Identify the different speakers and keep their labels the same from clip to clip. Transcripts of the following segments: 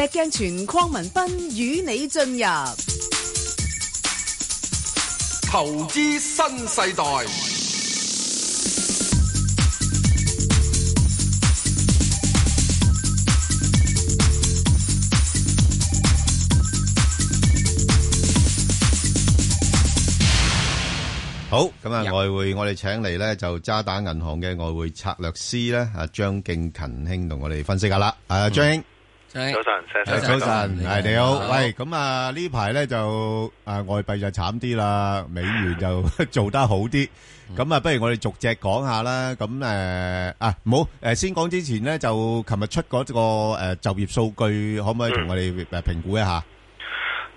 Speaker 1: 石鏡泉鄺文斌，與你進入
Speaker 2: 投資新世代。
Speaker 1: 好，咁啊，外匯入我哋請嚟咧就渣打銀行嘅外匯策略師咧阿張敬勤兄同我哋分析下啦，阿張、嗯、英。
Speaker 3: 早晨，早晨，早晨，係你好，好喂，
Speaker 1: 咁啊呢排咧就誒，外幣就慘啲啦，美元就做得好啲，咁啊、嗯，不如我哋逐隻講下啦，咁誒啊，冇、啊、誒，先講之前咧，就琴日出嗰個誒就業數據，可唔可以同我哋誒評估一下？嗯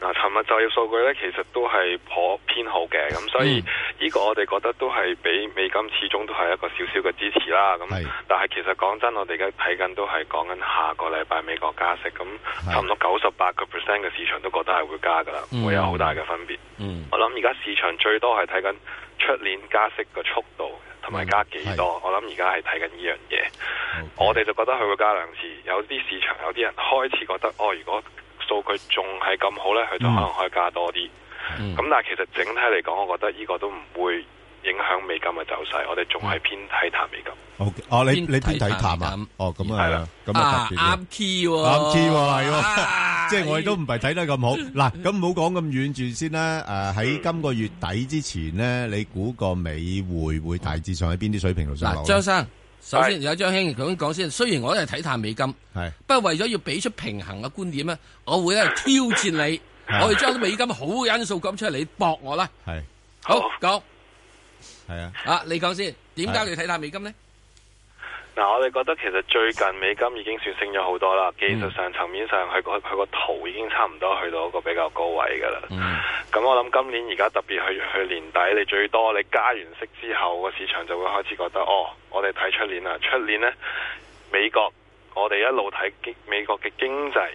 Speaker 3: 嗱，尋日就業
Speaker 4: 數據咧，其實都係頗偏好嘅，咁、嗯、所以呢個我哋覺得都係俾美金始終都係一個小小嘅支持啦。咁是，但係其實講真，我哋而家睇緊都係講緊下個禮拜美國加息，咁差唔多九十八個 percent 嘅市場都覺得係會加㗎啦，會是有好大嘅分別。
Speaker 3: 嗯、我諗
Speaker 4: 而家市場最多係睇緊出年加息嘅速度同埋加幾多。是我諗而家係睇緊呢樣嘢，是我哋就覺得佢會加兩次。有啲市場有啲人開始覺得，哦，如果到佢仲係咁好咧，佢就可能可以加多啲。咁但係其實整體嚟講，我覺得呢個都唔會影響美金嘅走勢。我哋仲係偏睇淡美金。
Speaker 1: 好，哦，你你偏睇淡啊？哦，咁啊，咁就答完啦。啊，啱
Speaker 2: key 喎，啱 key 喎，
Speaker 1: 係喎。即係我哋都唔係睇得咁好。嗱，咁唔好講咁遠住先啦。誒，喺今個月底之前咧，你估個美匯會大致上喺邊啲水平度上落咧？張生。
Speaker 2: 首先的有張兄咁講先，雖然我都係睇淡美金，係的，不過為咗要俾出平衡嘅觀點咧，我會咧挑戰你，的我哋將美金好嘅因素講出嚟，你駁我啦。係的，好講。係的啊，啊你講先，點解你睇淡美金咧？
Speaker 4: 嗱、啊，我哋覺得其實最近美金已經算升咗好多啦。技術上層面上，佢佢佢個圖已經差唔多去到一個比較高位㗎喇。咁、嗯、我諗今年而家特別去去年底，你最多你加完息之後，個市場就會開始覺得哦，我哋睇出年啦。出年呢，美國我哋一路睇美美國嘅經濟，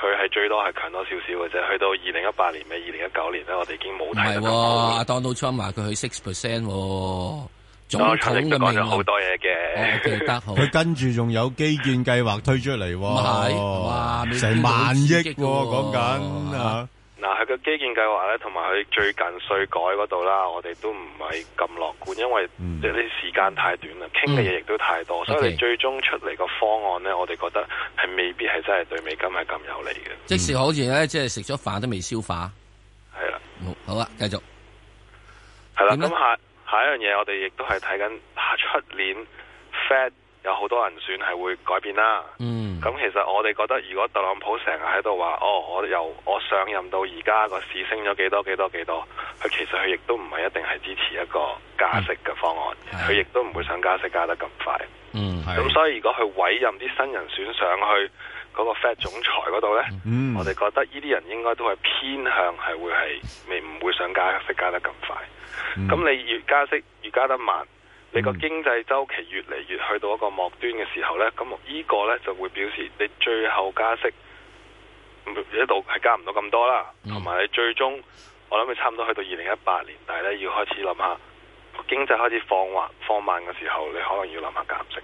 Speaker 4: 佢係最多係強多少少嘅啫。去到二零一八年尾二零一九年呢，
Speaker 2: 我哋已經冇睇到。係喎、哦啊、Donald Trump 話佢去 six percent 喎。總都講咗好
Speaker 3: 多嘢嘅，佢
Speaker 1: 跟住仲有基建計劃推出嚟，唔係，哇，成萬億，講緊。嗱，佢個基建
Speaker 4: 計劃咧，同埋佢最近稅改嗰度啦，我哋都唔係咁樂觀，因為即係啲時間太短啦，傾嘅嘢亦都太多，所以你最終出嚟個方案咧，我哋覺得係未必係真係對美金係咁有利
Speaker 2: 嘅。即是好似咧，即係食咗飯都未消化，係啦，好，好啊，繼續，
Speaker 4: 係啦，咁下。下一樣嘢，我哋亦都係睇緊下出年 Fed 有好多人選係會改變啦。咁其實我哋覺得，如果特朗普成日喺度話，哦，我由我上任到而家個市升咗幾多幾多幾多，佢其實佢亦都唔係一定係支持一個加息嘅方案，佢亦都唔會想加息加得咁快。咁所以如果佢委任啲新人選上去，嗰個 Fed 總裁嗰度呢，嗯、我哋覺得呢啲人應該都係偏向係會係未唔會想加息加得咁快。咁、嗯、你越加息越加得慢，你個經濟周期越嚟越去到一個末端嘅時候呢。咁呢個呢，就會表示你最後加息唔一度係加唔到咁多啦。同埋、嗯、你最終我諗你差唔多去到二零一八年，但係呢要開始諗下經濟開始放緩放慢嘅時候，你可能要諗下減息。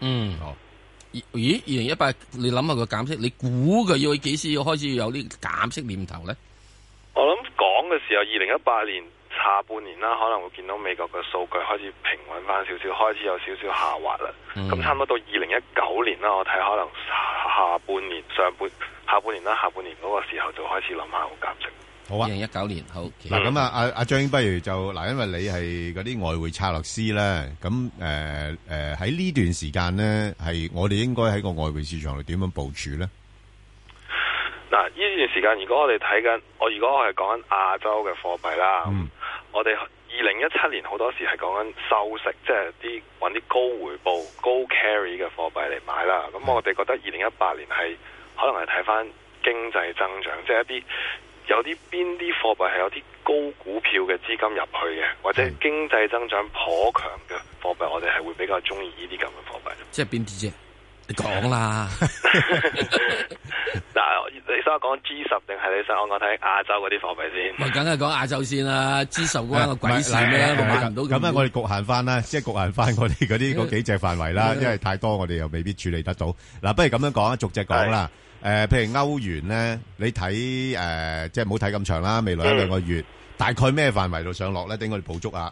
Speaker 4: 嗯，好。
Speaker 2: 咦，二零一八，你諗下個減息，你估佢要幾時要開始要有啲減息念頭呢？
Speaker 4: 我諗講嘅時候，二零一八年下半年啦，可能會見到美國嘅數據開始平穩翻少少，開始有少少下滑啦。
Speaker 3: 咁、嗯、差唔
Speaker 4: 多到二零一九年啦，我睇可能下半年、上半、下半年啦，下半年嗰個時候就開始諗下個減息。
Speaker 3: 好
Speaker 1: 啊！二零一九年好。嗱、okay. 咁啊，阿阿張英，不如就嗱、啊，因為你係嗰啲外匯策略師啦，咁誒誒喺呢段時間呢，係我哋應該喺個外匯市場度點樣部署呢？
Speaker 4: 嗱，呢段時間如果我哋睇緊，我如果我係講緊亞洲嘅貨幣啦，嗯、我哋二零一七年好多時係講緊收息，即係啲揾啲高回報、高 carry 嘅貨幣嚟買啦。咁、嗯、我哋覺得二零一八年係可能係睇翻經濟增長，即、就、係、是、一啲。有啲邊啲貨幣係有啲高股票嘅資金入去嘅，或者經濟增長頗強嘅貨幣，我哋係會比較中意呢啲咁嘅貨幣。
Speaker 3: 即係邊啲啫？你講 啦。
Speaker 4: 嗱，你所講 G 十定係你想我睇亞洲嗰啲貨幣先？
Speaker 2: 咪梗係講亞洲先啦、啊。G 十嗰班個鬼事咩？搵唔到咁。我哋
Speaker 1: 局限翻啦，即係局限翻我哋嗰啲個幾隻範圍啦，哎、呀因為太多我哋又未必處理得到。嗱、啊，不如咁樣講啊，逐隻講啦。誒、呃，譬如歐元咧，你睇誒、呃，即係唔好睇咁長啦，未來一兩個月，嗯、大概咩範圍度上落咧？等我哋捕捉啊。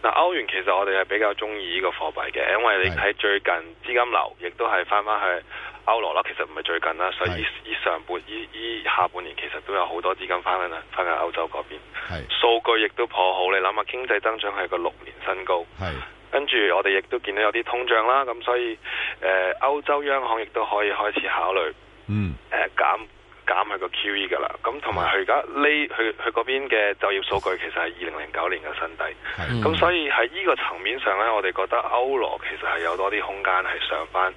Speaker 4: 嗱，歐元其實我哋係比較中意呢個貨幣嘅，因為你睇最近資金流亦都係翻翻去歐羅啦，其實唔係最近啦，所以依上半依依下半年其實都有好多資金翻去翻去歐洲嗰邊。係。數據亦都頗好，你諗下經濟增長係個六年新高。係。跟住我哋亦都見到有啲通脹啦，咁所以誒、呃、歐洲央行亦都可以開始考慮、嗯呃 e，嗯，誒減減去個 QE 嘅啦。咁同埋佢而家呢佢佢嗰邊嘅就業數據其實係二零零九年嘅新低，咁、嗯、所以喺呢個層面上呢，我哋覺得歐羅其實係有多啲空間係上翻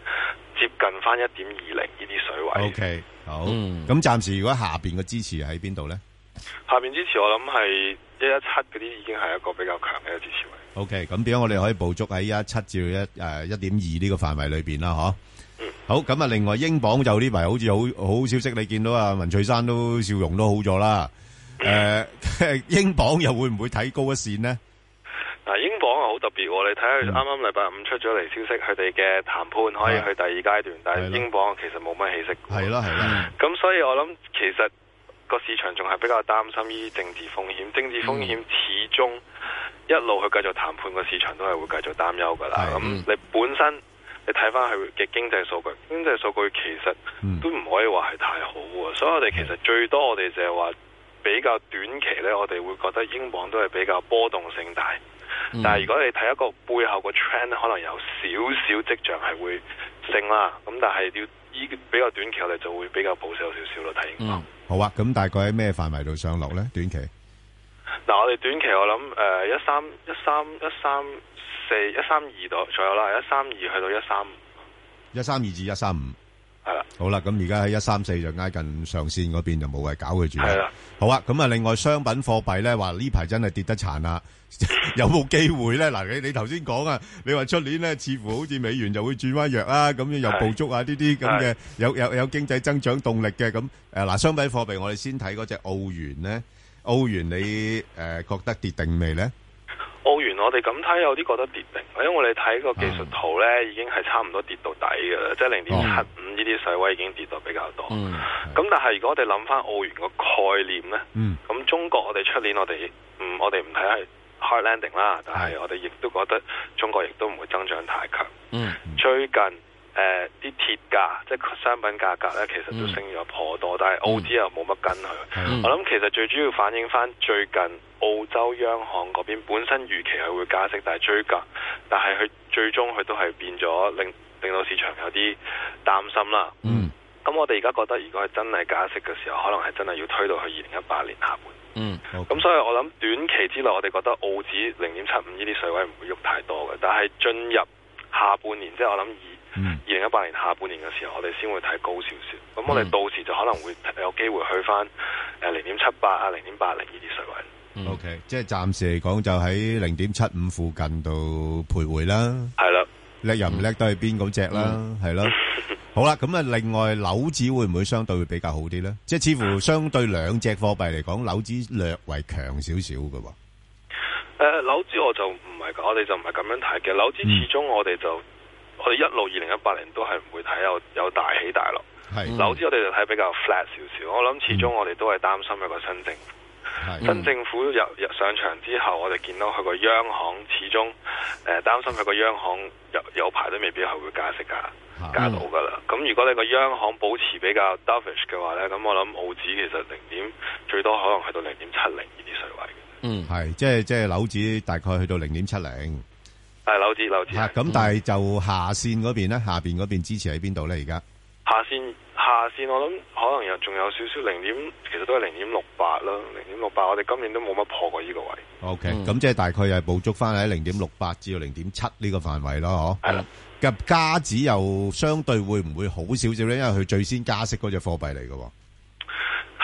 Speaker 4: 接近翻一點二零呢啲水位。O、okay,
Speaker 1: K，好，咁暫、嗯、時如果下邊嘅支持喺邊度呢？
Speaker 4: 下邊支持我諗係一一七嗰啲已經係一個比較強嘅一個支持位。
Speaker 1: O K，咁點解我哋可以捕捉喺一七至一誒一點二呢個範圍裏邊啦，嗬？好，咁啊，另外英鎊就呢排好似好好消息，你見到啊，文翠珊都笑容都好咗啦。誒，英鎊又會唔會睇高一綫呢？
Speaker 4: 嗱，英鎊啊好特別，你睇下啱啱禮拜五出咗嚟消息，佢哋嘅談判可以去第二階段，但係英鎊其實冇乜起色。係咯係咯，咁所以我諗，其實個市場仲係比較擔心於政治風險。政治風險始終。一路去繼續談判，個市場都係會繼續擔憂㗎啦。咁是你本身、嗯、你睇翻佢嘅經濟數據，經濟數據其實都唔可以話係太好喎。嗯、所以我哋其實、嗯、最多我哋就係話比較短期呢，我哋會覺得英鎊都係比較波動性大。
Speaker 3: 但係如
Speaker 4: 果你睇一個背後個 trend，可能有少少跡象係會升啦。咁但係要依比較短期，我哋就會比較保守少少咯。睇英
Speaker 1: 鎊、嗯。好啊，咁大概喺咩範圍度上落呢？是短期？
Speaker 4: 嗱，但我哋短期我諗誒一三一三一三四一三二度左右啦，一三二去到
Speaker 1: 一三一三二至一三五係啦。的好啦，咁而家喺一三四就挨近上線嗰邊就冇謂搞佢住。係啦的，好啊。咁啊，另外商品貨幣咧，話呢排真係跌得殘啦， 有冇機會咧？嗱，你你頭先講啊，你話出年咧，似乎好似美元就會轉翻弱啊，咁樣又捕捉啊，呢啲咁嘅有有有經濟增長動力嘅咁誒，嗱，商品貨幣我哋先睇嗰隻澳元咧。澳元你誒、呃、覺得跌定未呢？
Speaker 4: 澳元我哋咁睇有啲覺得跌定，因為我哋睇個技術圖呢、啊、已經係差唔多跌到底嘅啦，即係零點七五呢啲水位已經跌到比較多。咁、嗯、但係如果我哋諗翻澳元個概念呢，咁、嗯、中國我哋出年我哋嗯我哋唔睇係 hard landing 啦，但係我哋亦都覺得中國亦都唔會增長太強。嗯嗯、最近。誒啲、呃、鐵價即係商品價格咧，其實都升咗頗多，但係澳紙又冇乜跟佢。嗯、我諗其實最主要反映翻最近澳洲央行嗰邊本身預期佢會加息，但係追加，但係佢最終佢都係變咗，令令到市場有啲擔心啦。嗯，咁我哋而家覺得，如果係真係加息嘅時候，可能係真係要推到去二零一八年下半
Speaker 3: 年。嗯，咁、okay.
Speaker 4: 所以我諗短期之內，我哋覺得澳紙零點七五呢啲水位唔會喐太多嘅，但係進入下半年即係、就是、我諗二零一八年下半年嘅時候我點點，我哋先會睇高少少。咁我哋到時就可能會有機會去返誒零點七八啊，零點八零呢啲水位。
Speaker 1: 嗯、o、okay, K，即係暫時嚟講就喺零點七五附近度徘徊啦。係啦，叻又唔叻都係邊嗰隻啦，係咯。好啦，咁啊，另外樓紙會唔會相對會比較好啲咧？即係似乎相對兩隻貨幣嚟講，樓紙略為強少少嘅。誒、呃，
Speaker 4: 樓紙我就唔係，我哋就唔係咁樣睇嘅。樓紙始終我哋就。嗯我哋一路二零一八年都係唔會睇有有大起大落，樓、嗯、子我哋就睇比較 flat 少少。我諗始終我哋都係擔心一個新政府。嗯、新政府入入上場之後，我哋見到佢個央行始終誒、呃、擔心佢個央行有有排都未必係會加息㗎，嗯、加到㗎啦。咁如果你個央行保持比較 dovish 嘅話咧，咁我諗澳紙其實零點最多可能去到零點七零呢啲水位。
Speaker 1: 嗯，係即係即係樓子大概去到零點七零。係紐紙紐紙啊！咁、嗯、但係就下線嗰邊咧，下邊嗰邊支持喺邊度咧？而家
Speaker 4: 下線下線，下線我諗可能又仲有少少零點，其實都係零點六八啦。零點六八。我哋今年都冇乜破過呢個位。
Speaker 1: O K，咁即係大概又係捕捉翻喺零點六八至到零點七呢個範圍咯，嗬的？係啦，入加紙又相對會唔會好少少咧？因為佢最先加息嗰隻貨幣嚟嘅。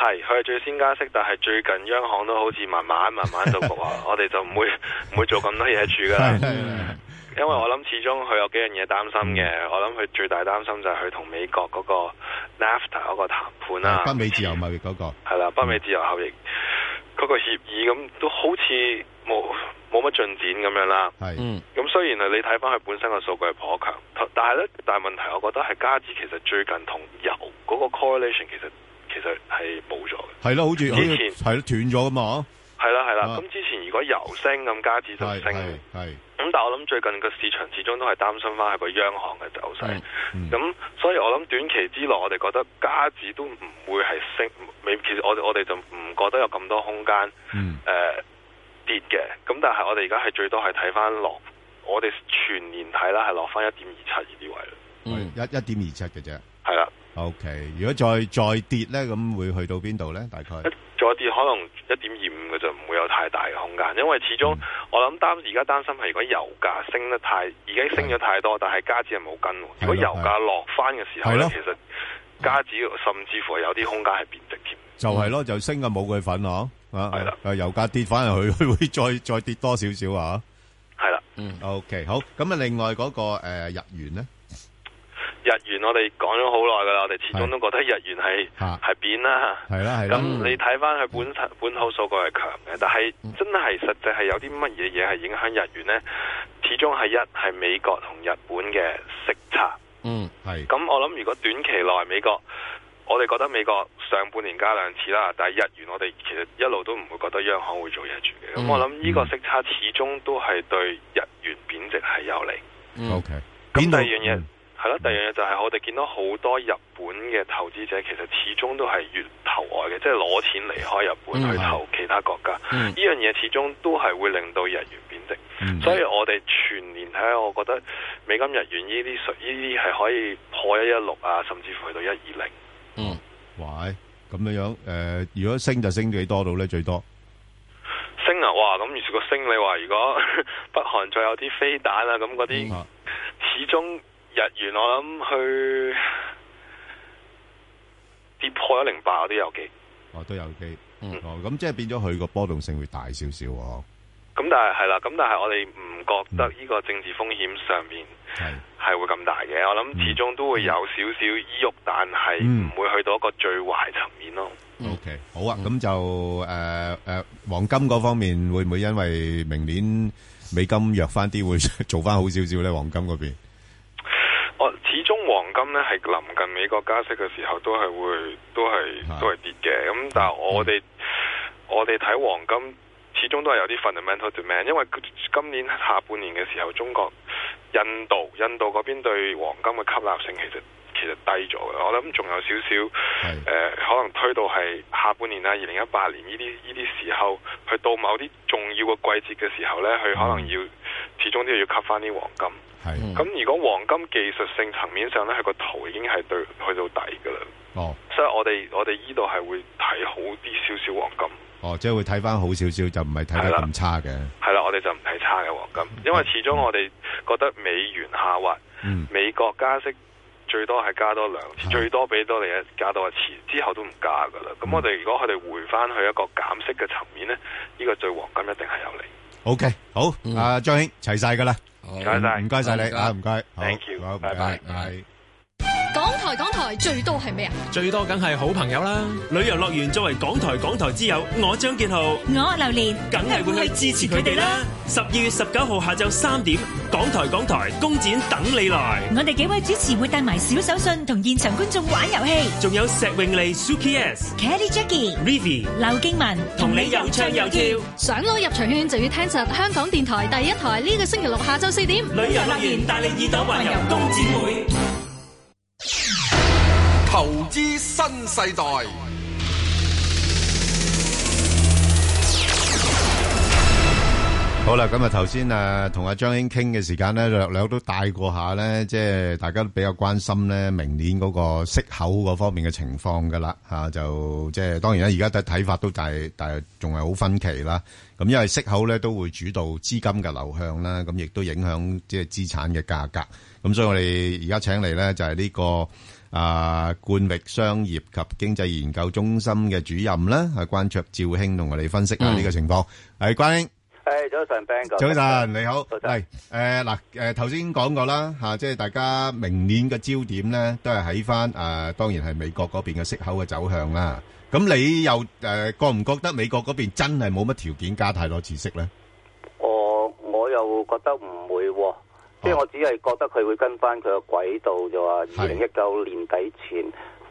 Speaker 4: 係，佢係最先加息，但係最近央行都好似慢慢慢慢 就話，我哋就唔會唔會做咁多嘢住噶啦。 因為我諗始終佢有幾樣嘢擔心嘅。嗯、我諗佢最大擔心就係佢同美國嗰個 NAFTA 嗰個談判啦、啊嗰個。北
Speaker 1: 美自由貿易嗰個
Speaker 4: 係啦，北美自由貿易嗰個協議咁都好似冇冇乜進展咁樣啦。係、嗯，咁雖然係你睇翻佢本身個數據係頗強，但係咧，但係問題我覺得係加紙，其實最近同油嗰個 correlation 其實。就係冇咗嘅，係啦，好似以前係
Speaker 1: 斷咗噶嘛？
Speaker 4: 係啦係啦，咁的之前如果油升咁加紙就升，係咁，但係我諗最近個市場始終都係擔心翻係個央行嘅走勢，咁、嗯、所以我諗短期之內我哋覺得加紙都唔會係升，未其實我我哋就唔覺得有咁多空間，誒、嗯呃、跌嘅，咁但係我哋而家係最多係睇翻落，我哋全年睇啦係落翻一點二七呢啲位，
Speaker 1: 一一點二七嘅啫，係啦。的 O K，如果再再跌咧，咁會去到邊度咧？大概
Speaker 4: 再跌可能一點二五嘅就唔會有太大嘅空間，因為始終我諗擔而家擔心係如果油價升得太而家升咗太多，但係加紙係冇跟。如果油價落翻嘅時候咧，其實加紙甚至乎有啲空間係貶值
Speaker 1: 添。就係咯，就升嘅冇佢份咯，啊係啦。誒，油價跌翻又去，佢會再再跌多少少啊？係啦，嗯，O K，好。咁啊，另外嗰個誒日元咧。
Speaker 4: 日元我哋講咗好耐噶啦，我哋始終都覺得日元係係貶啦。
Speaker 1: 咁你
Speaker 4: 睇翻佢本身、嗯、本土數據係強嘅，但係真係實際係有啲乜嘢嘢係影響日元呢？始終係一係美國同日本嘅息
Speaker 3: 差。
Speaker 4: 嗯，咁我諗如果短期內美國，我哋覺得美國上半年加兩次啦，但係日元我哋其實一路都唔會覺得央行會做嘢住嘅。咁、嗯、我諗呢個息差始終都係對日元貶值係有利。
Speaker 3: O K、嗯。咁第二樣嘢。嗯
Speaker 4: 係咯，嗯、第二樣嘢就係我哋見到好多日本嘅投資者，其實始終都係越投外嘅，即係攞錢離開日
Speaker 3: 本、嗯、去投
Speaker 4: 其他國家。呢、嗯、樣嘢始終都係會令到日元貶值。嗯、所以我哋全年睇，下，我覺得美金日元呢啲數呢啲係可以破一一六啊，甚至乎去到一二零。
Speaker 1: 嗯，哇，咁樣樣誒、呃，如果升就升幾多到呢？最多
Speaker 4: 升啊！哇，咁如,如果升你話，如 果北韓再有啲飛彈啊，咁嗰啲始終。日元我諗去跌破一零八，我都有機，
Speaker 1: 我都有機。嗯，哦，咁即係變咗佢個波動性會大少少。
Speaker 4: 咁但係係啦，咁但係我哋唔覺得呢個政治風險上面係係會咁大嘅。我諗始終都會有少少依郁，但係唔會去到一個最壞層面咯。
Speaker 1: OK，好啊，咁就誒誒，黃金嗰方面會唔會因為明年美金弱翻啲，會做翻好少少咧？黃金嗰邊。
Speaker 4: 始終黃金呢係臨近美國加息嘅時候都係會都係都係跌嘅，咁的但係我哋、嗯、我哋睇黃金始終都係有啲 fundamental demand，因為今年下半年嘅時候，中國、印度、印度嗰邊對黃金嘅吸納性其實其實低咗嘅，我諗仲有少少是的、呃，可能推到係下半年啊，二零一八年呢啲呢啲時候，去到某啲重要嘅季節嘅時候呢佢可能要、嗯、始終都要吸翻啲黃金。係，咁、嗯、如果黃金技術性層面上咧，係個圖已經係對去到底噶啦。哦，所以我哋我哋依度係會睇好啲少少黃金。
Speaker 3: 哦，
Speaker 1: 即係會睇翻好少少，就唔係睇得咁差嘅。
Speaker 4: 係啦，我哋就唔睇差嘅黃金。因為始終我哋覺得美元下滑，係、嗯、美國加息最多係加多兩次，啊、最多俾多你一加多一次之後都唔加噶啦。咁、嗯、我哋如果佢哋回翻去一個減息嘅層面咧，呢、呢個對黃金一定係有
Speaker 1: 利。O、okay, K，好，阿、啊、張兄齊晒噶啦。唔該曬你嚇，唔該，Thank you，好，拜拜，拜。
Speaker 4: 港台港台最多係咩
Speaker 1: 啊？最多梗係好朋友啦！旅遊樂園作為港台港台之友，我張建豪，我榴蓮，
Speaker 4: 梗係會去支持佢哋啦！十二月十九號下晝三點，港台港台工展等你來。
Speaker 1: 我哋幾位主持會帶埋小手信同現場觀眾
Speaker 2: 玩遊戲，仲有石永利、Suki S、Kelly Jackie、Rivi、劉敬文，同你又唱又跳。
Speaker 4: 想攞入場券就要聽實香港電台第一台呢個星期六下晝四點，
Speaker 2: 旅遊樂園帶你耳朵環遊工展會。投資新世代
Speaker 1: 好啦，咁啊頭先啊同阿張兄傾嘅時間呢，略略都帶過下呢，即係大家都比較關心呢，明年嗰個息口嗰方面嘅情況噶啦吓，就即係當然啦，啊，而家睇法都大，但係仲係好分歧啦。咁因為息口呢，都會主導資金嘅流向啦，咁亦都影響即係資產嘅價格。咁所以我哋而家請嚟咧就係呢個啊冠域商業及經濟研究中心嘅主任啦，阿關焯照兄同我哋分析下呢個情況。係關英，係早晨，Ben 哥，早晨你好，係誒嗱誒頭先講過啦吓，即係大家明年嘅焦點咧，都係喺翻誒，當然係美國嗰邊嘅息口嘅走向啦。咁你又誒覺唔覺得美國嗰邊真係冇乜條件加太多孳息咧？我
Speaker 2: 我又覺得唔會。即係我只係覺得佢會跟翻佢個軌道，就話二零一九年底前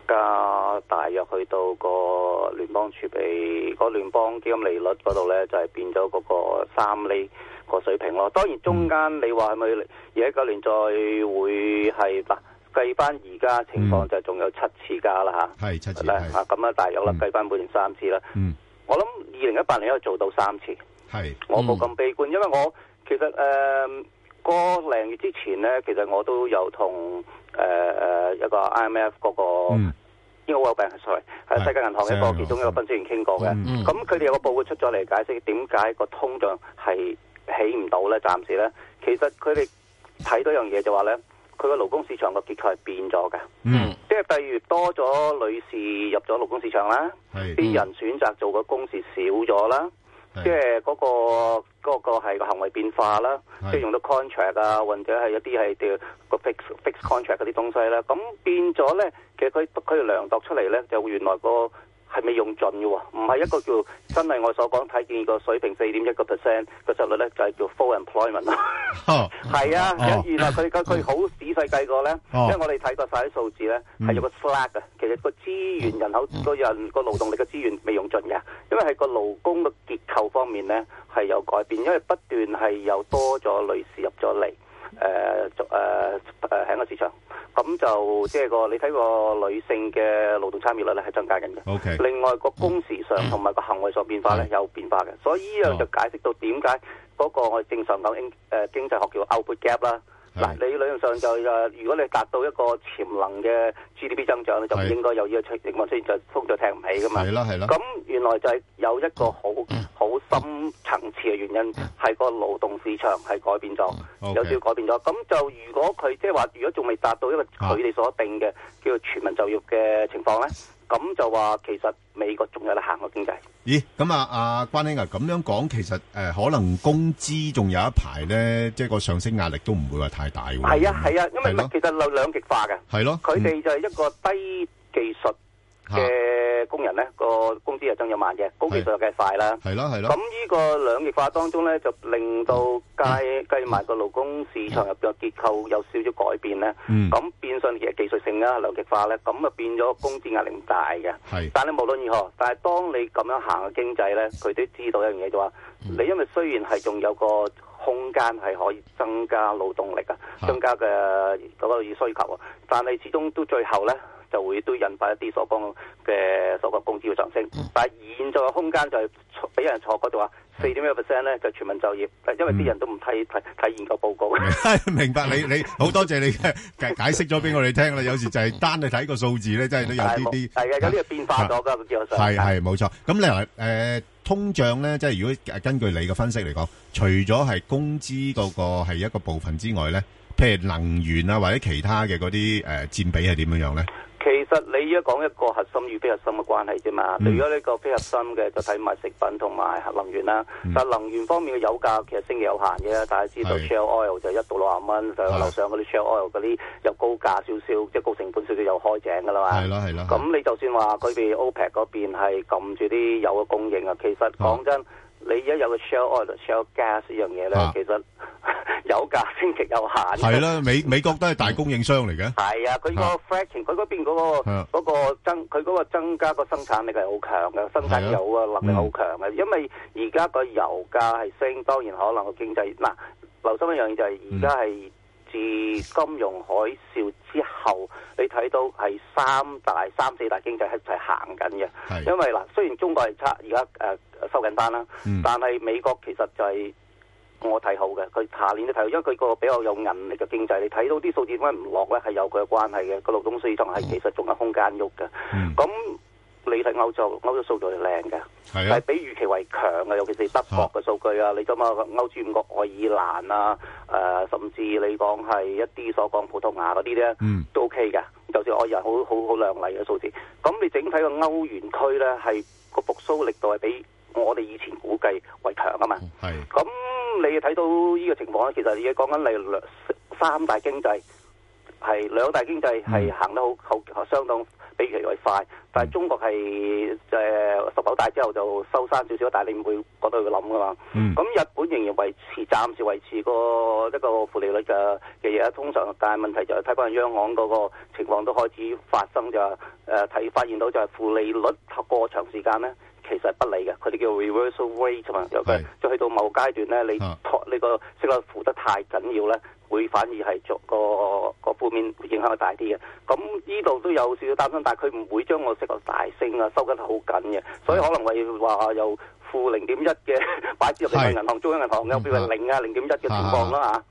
Speaker 2: 加是、uh, 大約去到個聯邦儲備、個聯邦基金利率嗰度呢，就係、是、變咗嗰個三厘個水平咯。當然中間你話係咪二零一九年再會係計翻而家情況，就係仲有七次加啦吓，係、嗯 uh, 七次啦嚇，咁啊、uh, 吧，樣大約啦，計翻每年三次啦。
Speaker 3: 嗯、
Speaker 2: 我諗二零一八年可以做到三次。係、嗯，
Speaker 3: 我冇咁
Speaker 2: 悲觀，因為我其實誒。Uh, 個零月之前咧，其實我都有同誒誒一個 IMF 嗰、那個、嗯、應該，sorry，係是世界銀行嘅、那個、一個其中一個分析員傾過嘅。咁佢哋有個報告出咗嚟，解釋點解個通脹係起唔到咧？暫時咧，其實佢哋睇到樣嘢就話咧，佢個勞工市場個結構係變咗嘅。嗯，即係例如多咗女士入咗勞工市場啦，啲、嗯、人選擇做嘅工、嗯嗯、即時少咗啦，即係嗰個。個個係個行為變化啦，即係的用到 contract 啊，或者係一啲係叫個 fix fix contract 嗰啲東西啦，咁變咗咧，其實佢佢量度出嚟咧，就原來個。係未用盡嘅喎，唔係一個叫真係我所講睇見個水平四點一個 percent 嘅實率咧，就係、是、叫 full employment 咯。係、oh、啊，oh、原來佢佢佢好仔細計過咧，oh、因為我哋睇過晒啲數字咧，係有個 flag 嘅。其實個資源人口、oh 人那個人個勞動力嘅資源未用盡嘅，因為係個勞工嘅結構方面咧係有改變，因為不斷係有多咗女士入咗嚟，誒誒誒喺個市場。咁就即係個你睇個女性嘅勞動參與率咧係增加緊嘅。Okay. 另外個工時上同埋個行為上變化咧有變化嘅， 所以呢樣就解釋到點解嗰個我哋正常講經誒經濟學叫 output gap 啦。嗱，你理論上就誒，如果你達到一個潛能嘅 GDP 增長，你就唔應該有呢個情況出現，出現就風就踢唔起㗎嘛。係咯，係咯。咁 原來就係有一個好好、哦、深層次嘅原因，係、哦、個勞動市場係改變咗，嗯 okay. 有少少改變咗。咁就如果佢即係話，就是、如果仲未達到一個佢哋所定嘅、啊、叫做全民就業嘅情況咧？咁就話其實美國仲有得行
Speaker 1: 嘅經濟。咦，咁啊，阿關兄啊，咁、啊、樣講，其實誒、呃，可能工資仲有一排咧，即係個上升壓力都唔會話太大喎。
Speaker 2: 係啊，係麼啊，因為、啊、其實兩兩極化嘅。
Speaker 1: 係咯、啊。佢、嗯、哋就
Speaker 2: 係一個低技術。嘅、啊、工人咧，個工資又增咗慢嘅，高技術又計快啦。係咯，係咯。咁呢個兩極化當中咧，就令到介、嗯嗯、計埋個勞工市場入邊嘅結構有少少改變咧。咁、嗯、變相其實技術性啊，兩極化咧，咁啊變咗工資壓力唔大嘅。係的。但係無論如何，但係當你咁樣行嘅經濟咧，佢都知道一樣嘢就話，嗯、你因為雖然係仲有個空間係可以增加勞動力啊，啊，增加嘅嗰個需求啊，但係始終都最後咧。就會都引發一啲所講嘅所謂工資嘅上升，嗯、但係現在嘅空間就係俾人坐過就話四點一 percent 咧，就是、全民就業，嗯、因為啲人都唔睇睇睇研究報
Speaker 1: 告。明白 你你好多謝你解釋咗俾我哋聽啦，有時就係單係睇個數字咧，真係都有啲啲係啊！嗰呢個變化咗㗎，佢叫做係係冇錯。咁你話誒、呃、通脹咧，即係如果根據你嘅分析嚟講，除咗係工資嗰個係一個部分之外咧，譬如能源啊或者其他嘅嗰啲誒佔比係點樣樣咧？
Speaker 2: 其實你而家講一個核心與非核心嘅關係啫嘛，嗯、如果呢個非核心嘅就睇埋食品同埋能源啦。嗯、但能源方面嘅油價其實升嘅有限嘅，大家知道 shale oil 就一到六十蚊，就樓的上嗰啲 shale oil 嗰啲又高價少少，的即係高成本少少又開井㗎啦嘛。係咯係咯。咁你就算話佢哋 OPEC 嗰邊係撳住啲油嘅供應啊，其實講真。你而家有個 shale oil、shale gas 呢樣嘢咧，其實油價升值有限。係啦，
Speaker 1: 美美國都係大供應商嚟
Speaker 2: 嘅。係啊，佢個 fracking，佢嗰邊嗰個增，佢嗰個增加個生產力係好強嘅，生產油嘅能力好強嘅。因為而家個油價係升，當然可能個經濟嗱。留心一樣嘢就係而家係自金融海嘯之後，你睇到係三大三四大經濟係一齊行緊嘅。因為嗱，雖然中國係差，而家誒。收緊單啦，嗯、但係美國其實就係我睇好嘅，佢下年都睇好，因為佢個比較有韌力嘅經濟，你睇到啲數字點解唔落咧，係有佢嘅關係嘅，個勞動市場係其實仲有空間喐嘅。咁、嗯、你睇歐洲，歐洲數字、嗯、就靚嘅，係比預期為強嘅，尤其是德國嘅數據啊，你咁日歐洲五國愛爾蘭啊，誒、呃、甚至你講係一啲所講葡萄牙嗰啲咧，嗯、都 OK 嘅，就算愛爾蘭好好好，好，好亮麗嘅數字。咁你整體個歐元區咧係個復蘇力度係比。我哋以前估計為強啊嘛，咁你睇到呢個情況咧，其實而家講緊兩三大經濟係兩大經濟係行得好好，相當比其為快，但係中國係誒十九大之後就收山少少，但係你唔會覺得佢諗噶嘛。咁、嗯嗯、日本仍然維持，暫時維持個一個負利率嘅嘅嘢通常，但係問題就係睇翻央行嗰個情況都開始發生，就誒睇發現到就係負利率過長時間咧。其實不利嘅，佢哋叫 reversal rate 嘛是，尤其，就去到某階段咧，你託呢個息率負得太緊要咧，會反而係逐個個負面影響大啲嘅。咁呢度都有少少擔心，但係佢唔會將我息率大升啊，收得好緊嘅，所以可能話話又負零點一嘅擺入入去銀行，是中央銀行又變成零啊，零點一嘅情況啦嚇。啊啊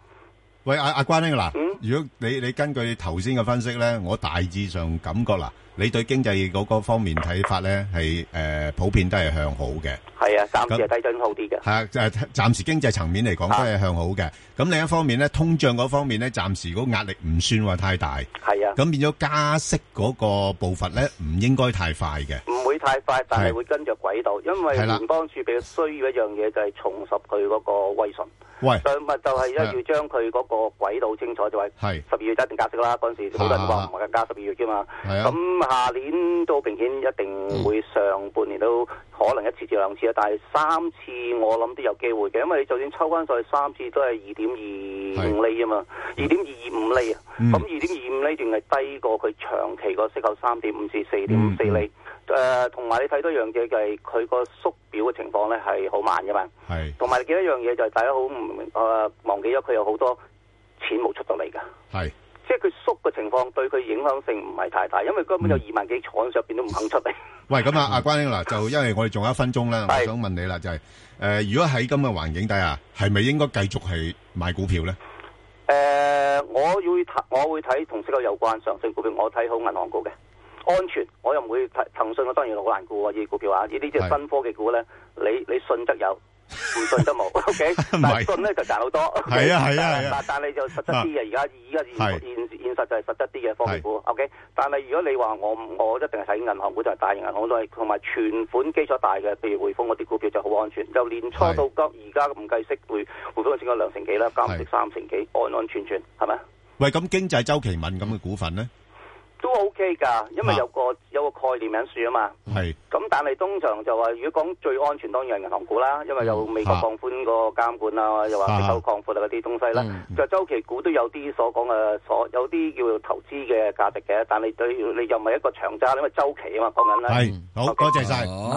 Speaker 1: 喂，阿阿關兄，嗱，如果你你根據頭先嘅分析咧，我大致上感覺啦，你對經濟嗰個方面睇法咧，係誒普遍都係向好嘅。係啊，暫時睇準好啲嘅。係啊，誒，暫時經濟層面嚟講都係向好嘅。咁另一方面咧，通脹嗰方面咧，暫時個壓力唔算話太大。係啊。咁變咗加息嗰個步伐咧，唔應該太快嘅。唔
Speaker 2: 會太快，但係會跟著軌道，因為聯儲局比較需要一樣嘢，就係重拾佢嗰個威信。喂，物就係咧，要將佢嗰個軌道清楚就位，是。係十二月一定加息啦，嗰陣時好多人話，唔係加十二月啫嘛。咁、啊、下年都明顯一定會上半年都可能一次至兩次啊，但係三次我諗都有機會嘅，因為你就算抽翻上去三次都係二點二五厘啊嘛，二點二五厘啊，咁二點二五厘段係低過佢長期個息口三點五至四點五四厘。誒，同埋、呃、你睇到一樣嘢就係佢個縮表嘅情況咧，係好慢噶嘛。係是。同埋幾多樣嘢就係大家好唔明，誒，忘記咗佢有好多錢冇出到嚟噶。係是。即係佢縮嘅情況對佢影響性唔係太大，因為根本有二萬幾廠上邊
Speaker 1: 都唔肯出嚟。嗯、 喂，咁啊，阿、嗯啊、關英嗱，就因為我哋仲有一分鐘啦， 我想問你啦，就係、是、誒、呃，如果喺咁嘅環境底下，係咪應該繼續係買股票咧？
Speaker 2: 誒、呃，我會睇我會睇同息口有關上升股票，我睇好銀行股嘅。安全，我又唔會騰騰訊，當然好難估啊！啲股票啊，呢啲即係新科技股咧，你你信則有，唔信都冇。O K，信咧就賺好多。係啊係啊，但但係就實質啲嘅，而家而家現現實就係實質啲嘅科技股。O K，但係如果你話我我一定係睇銀行股，就係大型銀行都係，同埋存款基礎大嘅，譬如匯豐嗰啲股票就好安全。就年初到今而家唔計息，匯匯豐升咗兩成幾啦，計息三成幾，安安全全係咪
Speaker 1: 啊？喂，咁經濟週期敏感嘅股份咧？
Speaker 2: 都 OK 㗎，因為有個、啊、有個概念引説啊嘛。係是。咁但係通常就話，如果講最安全當然係銀行股啦，因為有美國放寬個監管啦，啊、又話結構擴闊啊嗰啲東西啦。啊、就週期股都有啲所講嘅，所有啲叫做投資嘅價值嘅。但係對你，你又唔係一個長揸，因為週期啊嘛講緊啦。
Speaker 3: 係，好，多說謝晒謝！啊